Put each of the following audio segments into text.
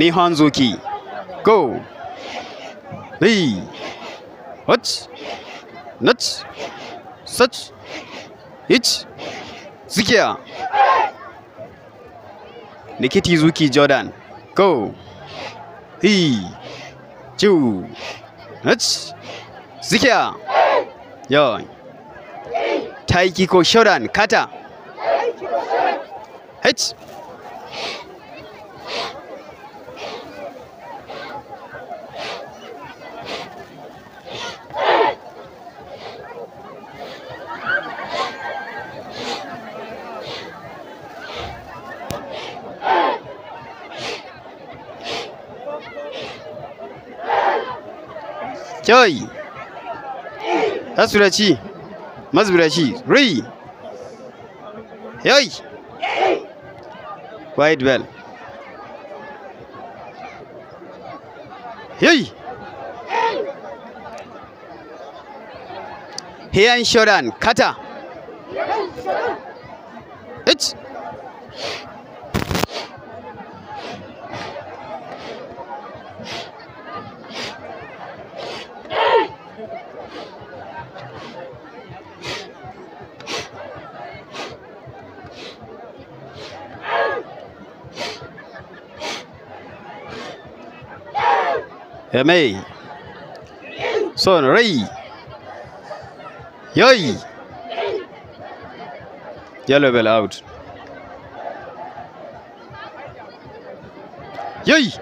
Ni hanzuki, Go. Lee. What? Nuts. Such. Ich. zikia, Nikiti Zuki Jordan. Go. He. Ju. Nuts. zikia, Yo. Taikiko Shodan. Kata. h. Choi. Asurachi. Masurachi. ri yoi Quite well. yoi Here in shodan kata da mai son rai yoyi yellow bell out yoyi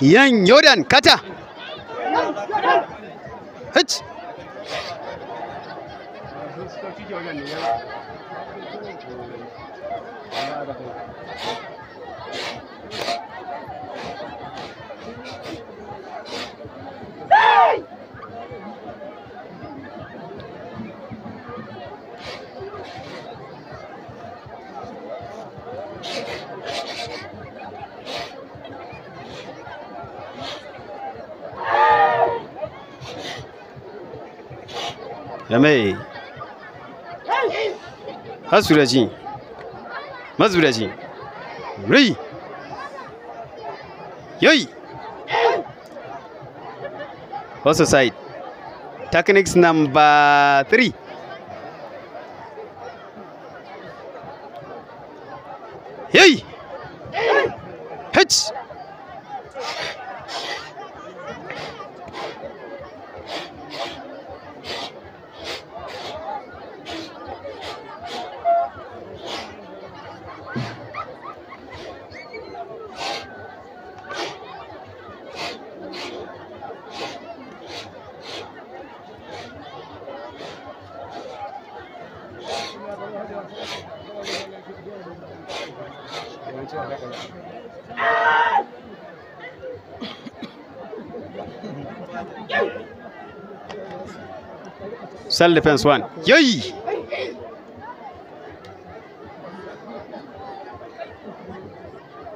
yan yodan kata Thank you. Yame. Hasuraji. Mazuraji. Ri. Yoi. Also side. Techniques number three. Cell defense one. Yayi!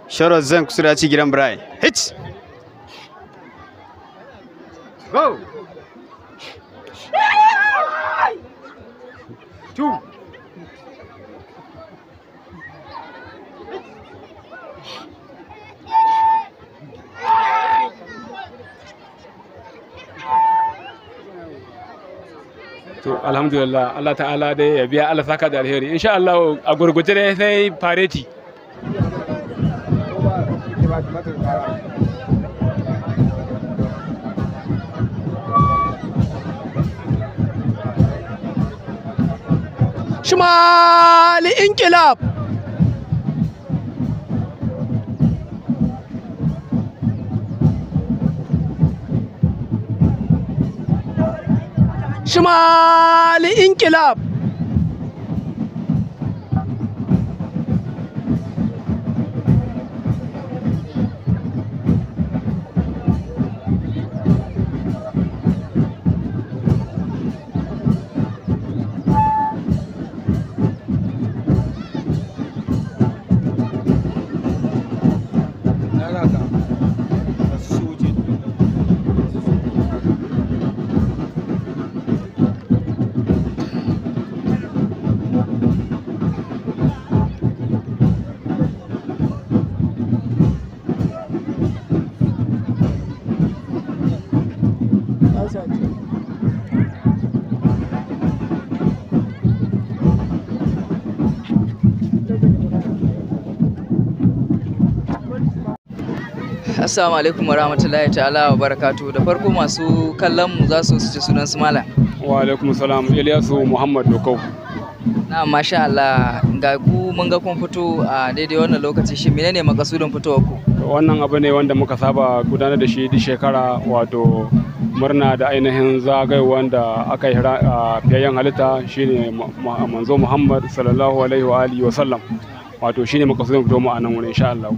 Sharon Zank Suraci gidan Brian. to alhamdulillah Allah ta'ala dai ya biya Allah saka da alheri insha Allah a gurguje ne sai fareti شمال انقلاب Şimali İnkılap. Nada. Assalamu alaikum warahmatullahi ta'ala wa barakatu da farko masu kallon mu za su su ci sunan su Wa alaikum salam Ilyasu Muhammad Dokau. Na masha Allah ga ku mun ga kun fito a daidai wannan lokaci shi menene makasudin fitowar ku? Wannan abu ne wanda muka saba gudanar da shi duk shekara wato murna da ainihin zagayowar da aka yi fiyayyen halitta shine manzo Muhammad sallallahu alaihi wa alihi wa sallam. wato shine makasudin fito mu a nan wurin insha Allah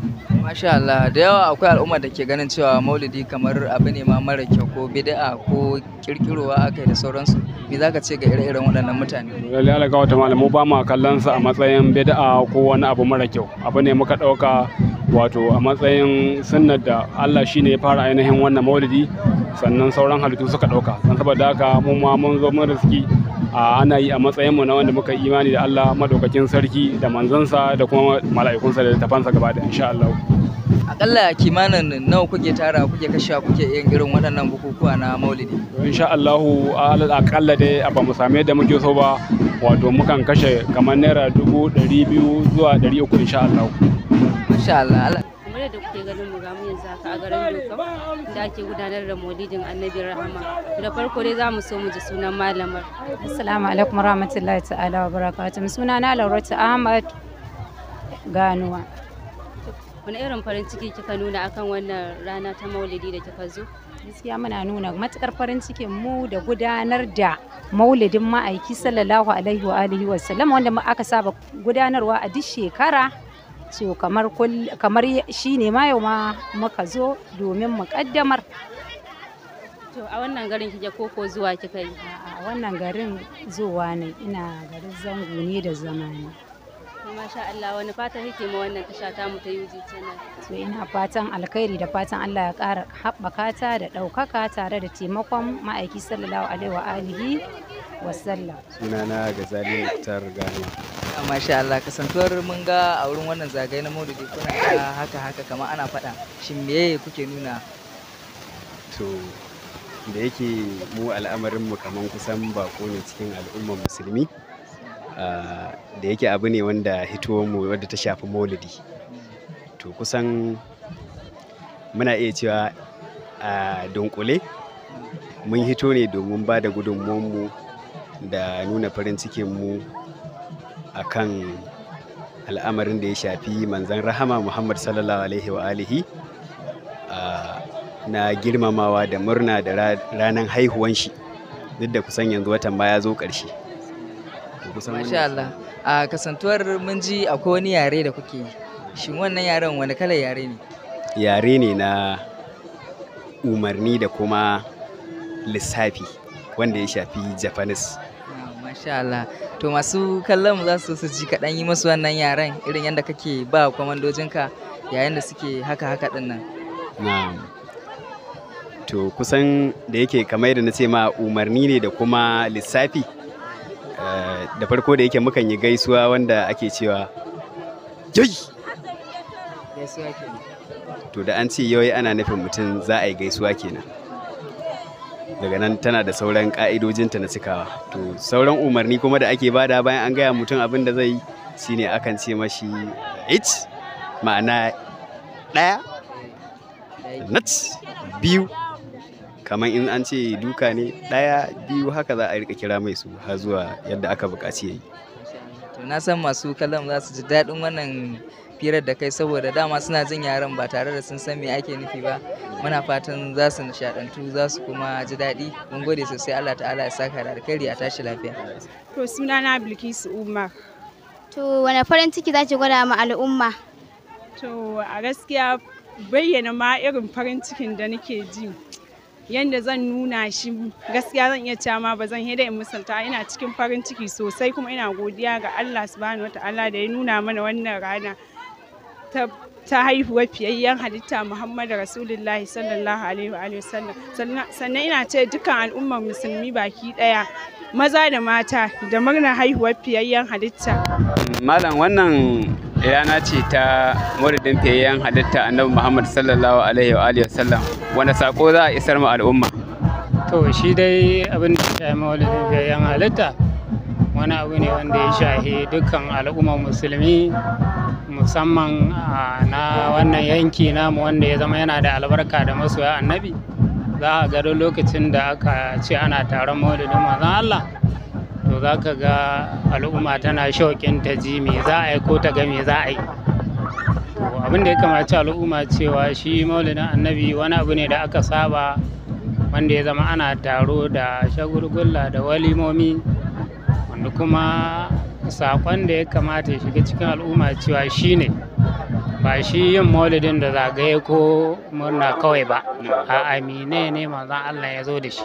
masha Allah da yawa akwai al'umma da ke ganin cewa maulidi kamar abu ne ma mara kyau ko bid'a ko kirkirowa akai da sauransu me zaka ce ga ire-iren waɗannan mutane lalle Allah ga wata malamu ba ma kallon sa a matsayin bid'a ko wani abu mara kyau abu ne muka dauka wato a matsayin sunnar da Allah shine ya fara ainihin wannan maulidi sannan sauran halittu suka dauka san saboda haka mu ma mun zo mun riski ana yi a matsayin mu na wanda muka imani da Allah madaukakin sarki da manzansa da kuma mala'ikunsa da tafansa gaba da insha Allah akalla kimanin nawa kuke tara kuke kashewa kuke yin irin waɗannan bukukuwa na maulidi insha Allah akalla dai ba mu same da muke so ba wato mukan kashe kamar naira dubu ɗari biyu zuwa ɗari uku insha Allah insha Allah a garin Dukan da ake gudanar da maulidin annabi rahama. Da farko dai za mu so mu ji sunan malamar. Assalamu alaikum rahmatullahi ta'ala wa barakatuh. Suna na Laurata Ahmad Ganuwa. Wani irin farin ciki kika nuna akan wannan rana ta maulidi da kika zo? gaskiya muna nuna matukar farin ciki mu da gudanar da maulidin ma'aiki sallallahu alaihi wa alihi wanda aka saba gudanarwa a duk shekara so kamar kamar ne ma yau ma muka zo domin mu kaddamar to a wannan garin kike koko zuwa kika yi a wannan garin zuwa ne ina garin zango ne da zamani Masha Allah wani fatan yake ma wannan tasha ta mu ta UG channel. To ina fatan alkhairi da fatan Allah ya ƙara haɓaka ta da ɗaukaka tare da taimakon ma'aiki sallallahu alaihi wa alihi wa sallam. Sunana Gazali Muktar Gani. Ah, Masha Allah kasantuwar mun ga a wurin wannan zagaye na maulidi kuna haka haka kamar ana faɗa shin meye kuke nuna? To da yake mu al'amarin mu kaman kusan bako ne cikin al'ummar musulmi. da yake abu ne wanda mu wadda ta shafi maulidi to kusan muna iya cewa a dunkule mun hito ne domin ba da mu da nuna farin mu a kan al'amarin da ya shafi manzan rahama muhammad sallallahu alaihi wa alihi na girmamawa da murna da ranar haihuwan shi duk da kusan yanzu watan baya ya zo ƙarshe kusan wani Allah. A kasantuwar mun ji akwai wani yare da kuke yi. Shin wannan yaren wani kalar yare ne? Yare ne na umarni da kuma lissafi wanda ya shafi Japanese. Ah, masha Allah. To masu kallon za su su ji kaɗan yi masu wannan yaren irin yadda kake ba kwamandojinka yayin da suke haka haka din nan. Na'am. To kusan da yake kamar yadda na ce ma umarni ne da kuma lissafi. da farko da yake mukan yi gaisuwa wanda ake cewa jai to da an ce yawai ana nufin mutum za a yi gaisuwa kenan daga nan tana da sauran ka'idojinta na cikawa to sauran umarni kuma da ake bada bayan an gaya mutum abin da zai shine akan ce mashi it ma'ana ɗaya nat biyu kamar in an ce duka ne ɗaya biyu haka za a rika kira mai su har zuwa yadda aka buƙaci ya yi na san masu kalam za su ji daɗin wannan firar da kai saboda dama suna jin yaren ba tare da sun san me ake nufi ba muna fatan za su nishadantu za su kuma ji daɗi mun gode sosai Allah ta'ala ya saka da alkhairi a tashi lafiya to sunana Bilkisu Umar to wani farin ciki za ki gwada ma al'umma to a gaskiya bayyana ma irin farin cikin da nake ji yanda zan nuna shi gaskiya zan iya cewa ma ba zan heda in misalta ina cikin farin ciki sosai kuma ina godiya ga Allah subhanahu wataala da ya nuna mana wannan rana ta ta haihuwar fiyayyen halitta Muhammadu Rasulullahi sallallahu alaihi wa sallam sannan ina ce dukkan al'ummar musulmi baki daya maza da mata da murnar haihuwar fiyayyen halitta malam wannan rana ce ta muridin fiyayyen halitta annabi muhammad sallallahu alaihi wa alihi wasallam wanda sako za a isar ma al'umma to shi dai abin da ya shafi maulidin fiyayyen halitta wani abu ne wanda ya shahi dukkan al'ummar musulmi musamman na wannan yanki namu wanda ya zama yana da albarka da masoya annabi za a ga lokacin da aka ce ana taron maulidin manzon allah to za ka ga al'umma tana shauƙin ta ji me za a yi ko ta ga me za a yi abin da ya kamaci al'umma cewa shi maulidin annabi wani abu ne da aka saba wanda ya zama ana taro da shagulgulla da walimomi wanda kuma saƙon da ya kamata ya shiga cikin al'umma cewa shi ne. ba shi yin maulidin da zagaye ko murna kawai ba a amine ne manzon Allah ya zo da shi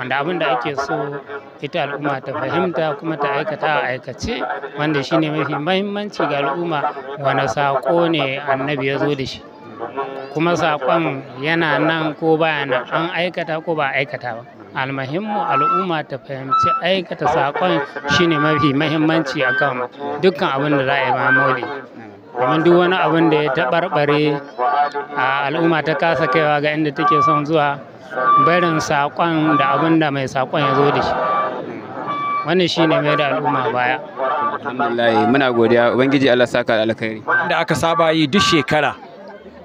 wanda abin da ake so ita al'umma ta fahimta kuma ta aikata a aikace wanda shi ne mafi mahimmanci ga al'umma wani saƙo ne annabi ya zo da shi kuma saƙon yana nan ko baya nan an aikata ko ba aikata ba almahimmu al'umma ta fahimci aikata saƙon shine mafi mahimmanci akan dukkan abin da za a yi ma maulidi domin duk wani abin da ya taɓarɓare a al'umma ta kasa kaiwa ga inda take son zuwa barin saƙon da abin da mai saƙon ya zo da shi wannan shi ne mai da al'umma baya alhamdulillah muna godiya ubangiji allah saka da alkhairi da aka saba yi duk shekara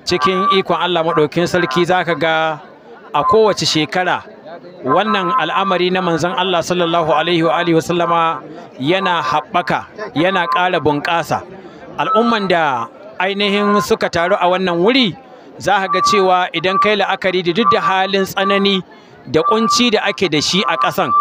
cikin ikon allah maɗaukin sarki zaka ga a kowace shekara wannan al'amari na manzon allah sallallahu alaihi wa alihi yana haɓaka yana ƙara bunƙasa al'umman da ainihin suka taru a wannan wuri za a ga cewa idan kai la'akari da duk da halin tsanani da kunci da ake da shi a ƙasan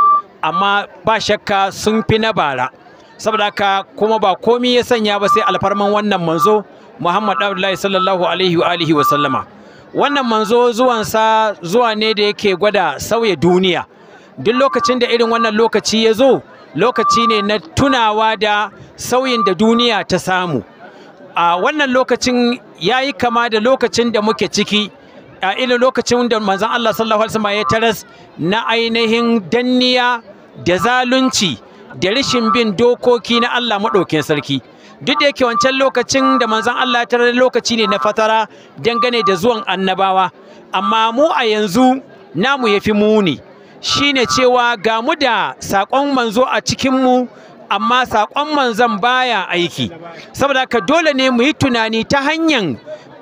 amma ba shakka sun fi na bara saboda haka kuma ba komi ya sanya ba sai alfarman wannan manzo Muhammad Abdullahi sallallahu alaihi wa alihi wa sallama wannan manzo zuwansa zuwa ne da yake gwada sauya duniya duk lokacin da irin wannan lokaci ya zo lokaci ne na tunawa da sauyin da duniya ta samu a wannan lokacin ya yi kama da lokacin da muke ciki a ilin lokacin da manzan Allah sallallahu alaihi wasallam ya taras na ainihin danniya da zalunci da rashin bin dokoki na Allah maɗaukin sarki duk da yake wancan lokacin da manzan Allah ta lokaci ne na fatara dangane da zuwan annabawa amma mu a yanzu namu ya fi muni shine cewa ga mu da saƙon manzo a cikinmu amma saƙon manzon baya aiki saboda haka dole ne mu yi tunani ta hanyar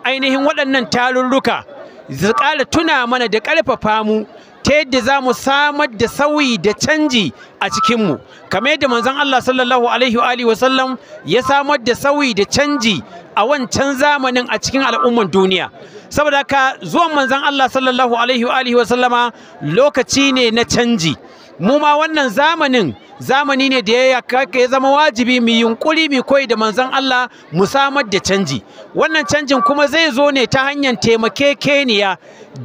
ainihin waɗannan tarurruka su ƙara tuna mana da ƙarfafa mu ta yadda za mu samar da sauyi da canji a cikinmu kamar yadda manzon Allah sallallahu alaihi wa wasallam ya samar da sauyi da canji a wancan zamanin a cikin al'umman duniya saboda haka zuwan manzon Allah sallallahu alaihi wa wasallama lokaci ne na canji mu ma wannan zamanin zamani ne da ya ya zama wajibi mu yunkuri mu koyi da manzon Allah mu samar da canji wannan canjin kuma zai zo ne ta hanyar taimakekeniya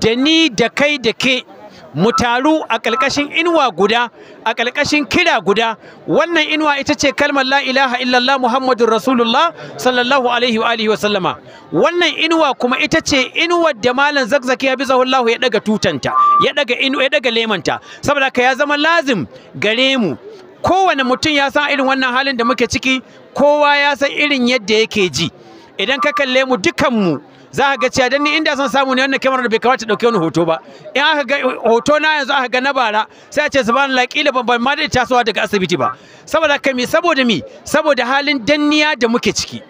da ni da kai da ke mu taru a ƙarƙashin inuwa guda a ƙarƙashin kira guda wannan inuwa ita ce kalmar la ilaha illallah muhammadun rasulullah sallallahu alaihi wa alihi wa sallama wannan inuwa kuma ita ce inuwar da malam zakzaki ya bizahu Allah ya daga tutanta ya daga inu ya daga lemanta saboda ka ya zama lazim gare mu kowane mutum ya san irin wannan halin da muke ciki kowa ya san irin yadda yake ji idan ka kalle mu dukanmu za ka ga cewa dan ni inda zan samu ne wannan kyamarar bai kamata dauke wani hoto ba in aka ga hoto na yanzu aka ga na bara sai a ce subhanallah kila ban ban ma da tasowa daga asibiti ba saboda kai mi saboda mi saboda halin danniya da muke ciki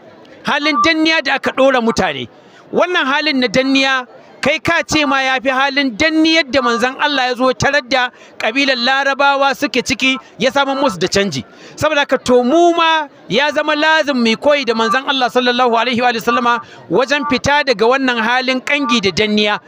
halin danniya da aka dora mutane wannan halin na danniya kai ka ce ma ya fi halin danni yadda manzon Allah ya zo tarar da kabilar larabawa suke ciki ya samu musu da canji saboda ka to mu ma ya zama lazim mai koyi da manzon Allah sallallahu alaihi wa sallama wajen fita daga wannan halin ƙangi da danniya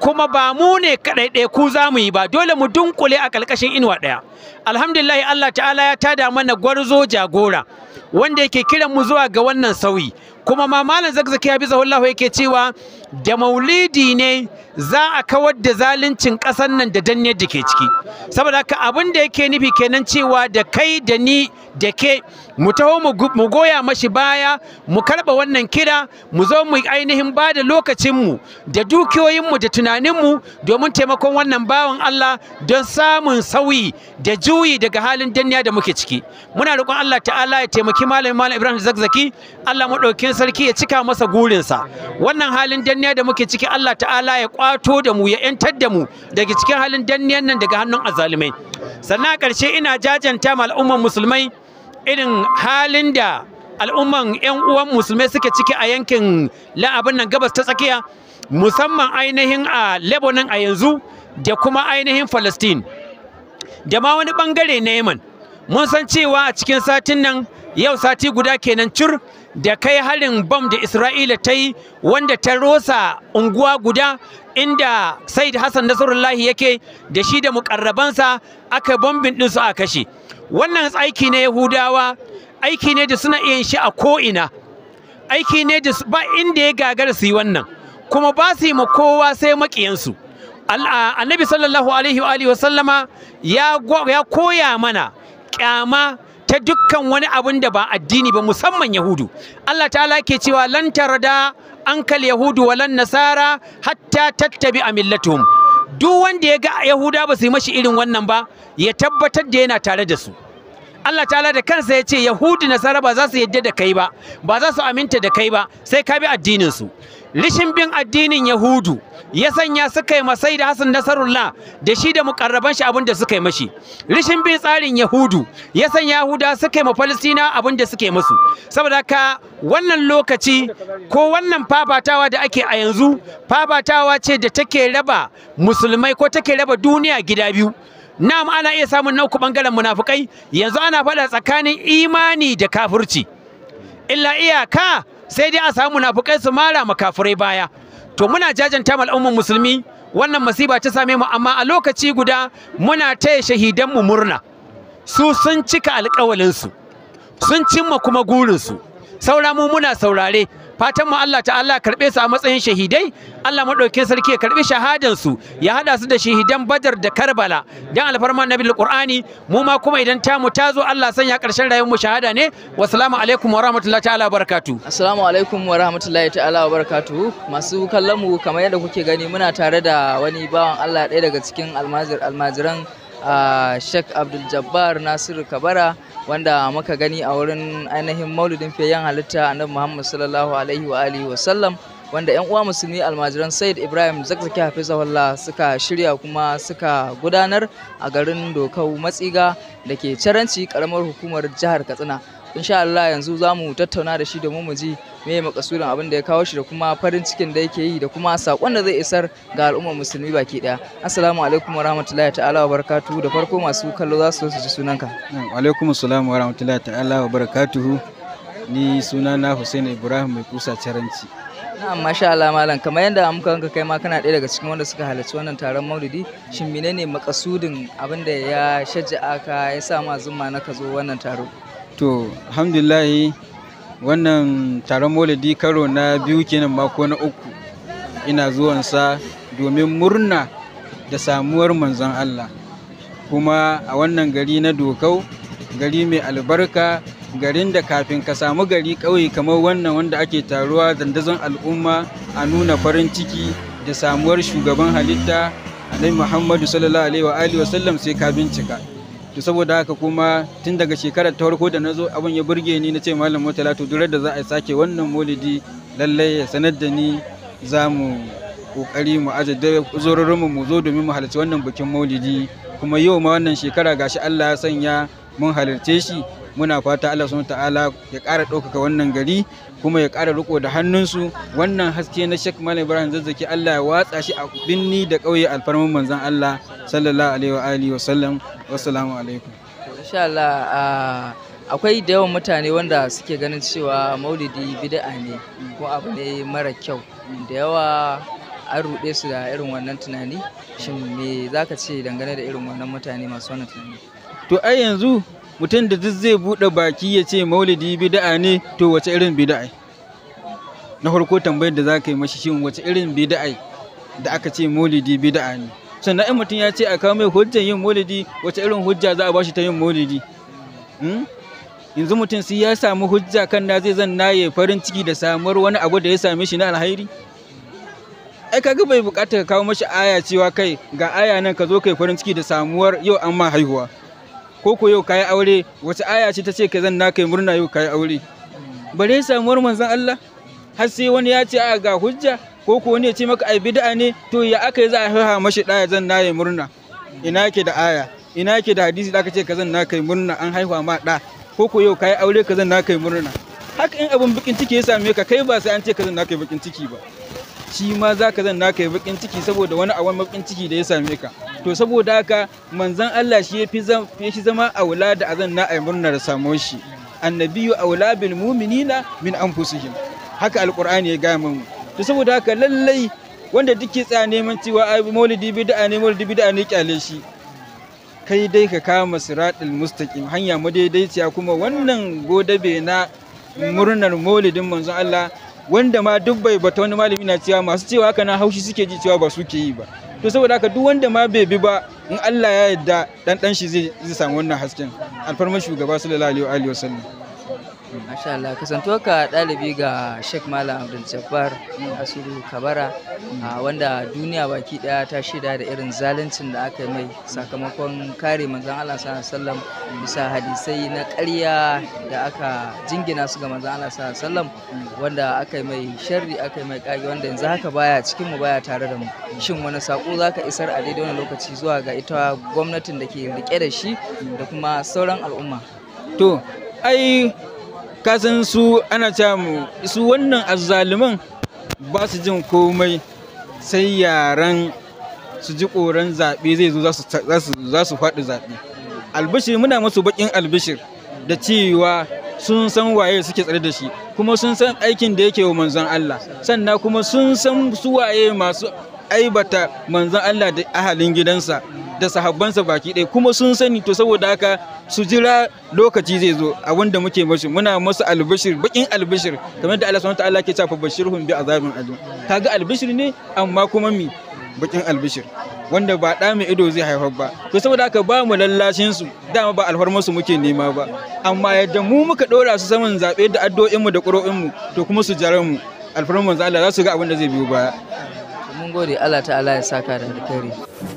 kuma ba mu ne ɗaya ku za mu yi ba dole mu dunƙule a ƙarƙashin inuwa ɗaya alhamdulillahi Allah ta'ala ya tada mana gwarzo jagora wanda yake kiran mu zuwa ga wannan sauyi kuma ma malam zakzaki ya bisa wallahu yake cewa da maulidi ne za a kawar da zaluncin ƙasar nan da danne da ke ciki saboda haka abin da yake nufi kenan cewa da kai da ni da ke mu taho mu goya mashi baya mu karba wannan kira mu zo mu ainihin ba da lokacinmu da dukiyoyinmu da tunaninmu domin taimakon wannan bawan Allah don samun sauyi da juyi daga halin danniya da muke ciki muna roƙon Allah ta'ala ya taimaki malamin malam Ibrahim Zakzaki Allah madaukakin sarki ya cika masa gurinsa wannan halin danniya da muke ciki Allah ta'ala ya kwato da mu ya yantar da mu daga cikin halin danniyan nan daga hannun azalimai sannan a ƙarshe ina jajanta ma al'umman musulmai irin halin da al'umman 'yan uwan musulmai suke ciki a yankin la'abin nan gabas ta tsakiya musamman ainihin a lebanon a yanzu da kuma ainihin palestine da ma wani bangare na yemen mun san cewa a cikin satin nan yau sati guda kenan cur da kai harin bom da Isra'ila ta yi wanda ta rosa unguwa guda inda Said Hassan Nasarullahi yake da shi da mukarrabansa aka bombin ɗinsu a kashe. Wannan aiki na Yahudawa aiki ne da suna iya shi a ko'ina aiki ne da ba inda ya gagara su yi wannan kuma ba su yi ma kowa sai maƙiyansu. Annabi sallallahu alaihi wa sallama ya koya mana ƙyama ta dukkan wani abin da ba addini ba musamman yahudu Allah ta'ala ke cewa lan an ankal yahudu walan nasara hatta tattabi a millatuhum duk wanda ya ga yahuda ba su yi mashi irin wannan ba ya tabbatar da yana tare da su Allah ta'ala da kansa ya ce Yahudu nasara ba za su yadda da kai ba ba za su aminta da kai ba sai ka bi addinin su Lishin bin addinin yahudu ya sanya suka yi masai da hasan nasarullah da shi da mukarraban shi abin da suka yi mashi Lishin bin tsarin yahudu ya sanya yahuda suka yi ma falistina abin suka yi musu saboda haka wannan lokaci ko wannan fafatawa da ake a yanzu fafatawa ce da take raba musulmai ko take raba duniya gida biyu na'am ana iya samun nauku bangaren munafukai yanzu ana faɗa tsakanin imani da kafurci. illa iyaka sai dai a samu munafukai su mara makafurai baya to muna jajanta mal umman musulmi wannan masiba ta same mu amma a lokaci guda muna taya shahidan mu murna su sun cika alƙawalin su sun cimma kuma gurin su saura mu muna saurare fatan mu Allah Allah karɓe su a matsayin shahidai Allah madaukakin sarki ya karbi shahadan su ya hada su da shahidan Badar da Karbala dan alfarman Nabi Qur'ani mu ma kuma idan ta mu ta zo Allah sanya karshen rayuwar mu shahada ne Wa salamu alaikum wa rahmatullahi ta'ala wa barakatu assalamu alaikum wa rahmatullahi ta'ala wa barakatu masu kallon mu kamar yadda kuke gani muna tare da wani bawan Allah ɗaya daga cikin almajiran ah, Sheikh Abdul Jabbar Nasiru Kabara wanda muka gani a wurin ainihin maulidin fiyayyen halitta annabi Muhammad sallallahu alaihi wa alihi wa sallam wanda yan uwa musulmi almajiran Said Ibrahim Zakzaki Hafizahullah suka shirya kuma suka gudanar a garin Dokau Matsiga da ke Caranci karamar hukumar jihar Katsina insha Allah yanzu za mu tattauna da shi domin mu ji me makasudin abin da ya kawo shi da kuma farin cikin da yake yi da kuma sakon da zai isar ga al'ummar musulmi baki daya assalamu alaikum wa rahmatullahi ta'ala wa barakatuhu da farko masu kallo za su ji sunanka wa alaikum assalam wa rahmatullahi ta'ala wa barakatuhu ni suna na Hussein Ibrahim mai kusa caranci na'am masha Allah malam kamar yadda muka ganka kai ma kana ɗaya daga cikin wanda suka halarci wannan taron maulidi shin menene makasudin abin da ya shajja'a ka ya sa ma zuma na ka zo wannan taro to alhamdulillahi wannan taron maulidi karo na biyu kenan mako na uku ina zuwansa domin murna da samuwar manzon Allah kuma a wannan gari na dokau gari mai albarka garin da kafin ka samu gari kawai kamar wannan wanda ake taruwa dandazon al'umma a nuna farin ciki da samuwar shugaban halitta nai muhammadu sallallahu alaihi wa alihi sai ka bincika to saboda haka kuma tun daga shekarar ta farko da na zo abin ya burge ni na ce malam murtala to durar da za a sake wannan maulidi lallai ya sanar da ni za mu kokari mu aje zororinmu mu zo domin mu halarci wannan bikin maulidi kuma yau ma wannan shekara gashi Allah ya sanya mun halarce shi muna fata Allah subhanahu ta'ala ya ƙara ɗaukaka wannan gari kuma ya ƙara riko da hannunsu wannan haske na Sheikh Malam Ibrahim Zazzaki Allah ya watsa shi a binni da ƙauye alfarmin manzon Allah sallallahu alaihi wa alihi wa sallam wassalamu alaikum insha Allah ah, akwai da yawan mutane wanda suke ganin cewa maulidi bid'a ne ko abu ne mara kyau da yawa an ruɗe su da irin wannan tunani shin me zaka ce dangane da irin wannan mutane masu wannan tunani to ai yanzu mutum da duk zai buɗe baki ya ce maulidi bida'a ne to wace irin bida'a na farko tambayar da za ka yi mashi shin wace irin bida'a da aka ce maulidi bida'a ne sannan in mutum ya ce a kawo mai hujjar yin maulidi wace irin hujja za a bashi ta yin maulidi hmm? yanzu mutum sai ya samu hujja kan na zai zan naye farin ciki da samuwar wani abu da ya same shi na alhairi ai kaga bai bukata ka kawo mashi aya cewa kai ga aya nan ka zo kai farin ciki da samuwar yau an ma haihuwa ko ko yau kayi aure wace aya ce ta ce ka zan naka murna yau kayi aure bare samuwar manzon Allah har sai wani ya ce a ga hujja ko ko wani ya ce maka ai bid'a ne to ya aka yi za a haha mashi daya zan naye murna ina ke da aya ina ke da hadisi da aka ce ka zan naka murna an haihuwa ma da ko ko yau kayi aure ka zan naka murna haka in abin bakin ciki ya same ka kai ba sai an ce ka zan naka bakin ciki ba shi ma za ka zan naka ya bakin ciki saboda wani a baƙin ciki da ya same ka to saboda haka manzon Allah shi ya fi zama wula da azan na ayi murnar samuwar shi annabiyu wula bil mu'minina min anfusihim haka alqur'ani ya gaya mu to saboda haka lallai wanda duke tsaya neman cewa ai maulidi bid'a ne maulidi bid'a ne kyale shi kai dai ka kama siratul mustaqim hanya mu daidaiciya kuma wannan godabe na murnar maulidin manzon Allah wanda ma duk bai bata wani malami na cewa masu cewa haka na haushi suke ji cewa ba su ke yi ba to saboda haka duk wanda ma bai bi ba in Allah ya yarda dan dan shi zai samu wannan hasken alfarmar shugaba sallallahu alaihi wa sallam Masha Allah kasantuwa ka ɗalibi ga Sheikh Malam Abdul Jabbar Asiru Kabara wanda duniya baki ɗaya ta shida da irin zaluncin da aka mai sakamakon kare manzon Allah sallallahu bisa hadisai na ƙarya da aka jingina su ga manzon Allah sallallahu wanda aka mai sharri aka mai kage wanda yanzu haka baya cikin mu baya tare da mu shin wani sako zaka isar a daidai wani lokaci zuwa ga ita gwamnatin da ke rike da shi da kuma sauran al'umma to ai kasan su ana cewa su wannan azzaluman ba su jin komai sai yaran su ji koran zaɓe zai zo za su faɗi zaɓe albishir muna masu baƙin albishir da cewa sun san waye suke tsare da shi kuma sun san aikin da yake wa manzon Allah sannan kuma sun san su waye masu aibata manzon Allah da ahalin gidansa da sahabbansa baki ɗaya kuma sun sani to saboda haka su jira lokaci zai zo a wanda muke mashi muna masu albishir bakin albishir kamar da Allah subhanahu wataala ke cewa bashirhum bi azabin azim kaga albishir ne amma kuma mi bakin albishir wanda ba da mai ido zai haifar ba to saboda haka ba mu lallashin su dama ba alfarmar su muke nema ba amma yadda mu muka ɗora su saman zaɓe da addu'o'in mu da qur'o'in mu to kuma su jara mu alfarmar manzo Allah za su ga abin da zai biyo baya mun gode Allah ta'ala ya saka da alkhairi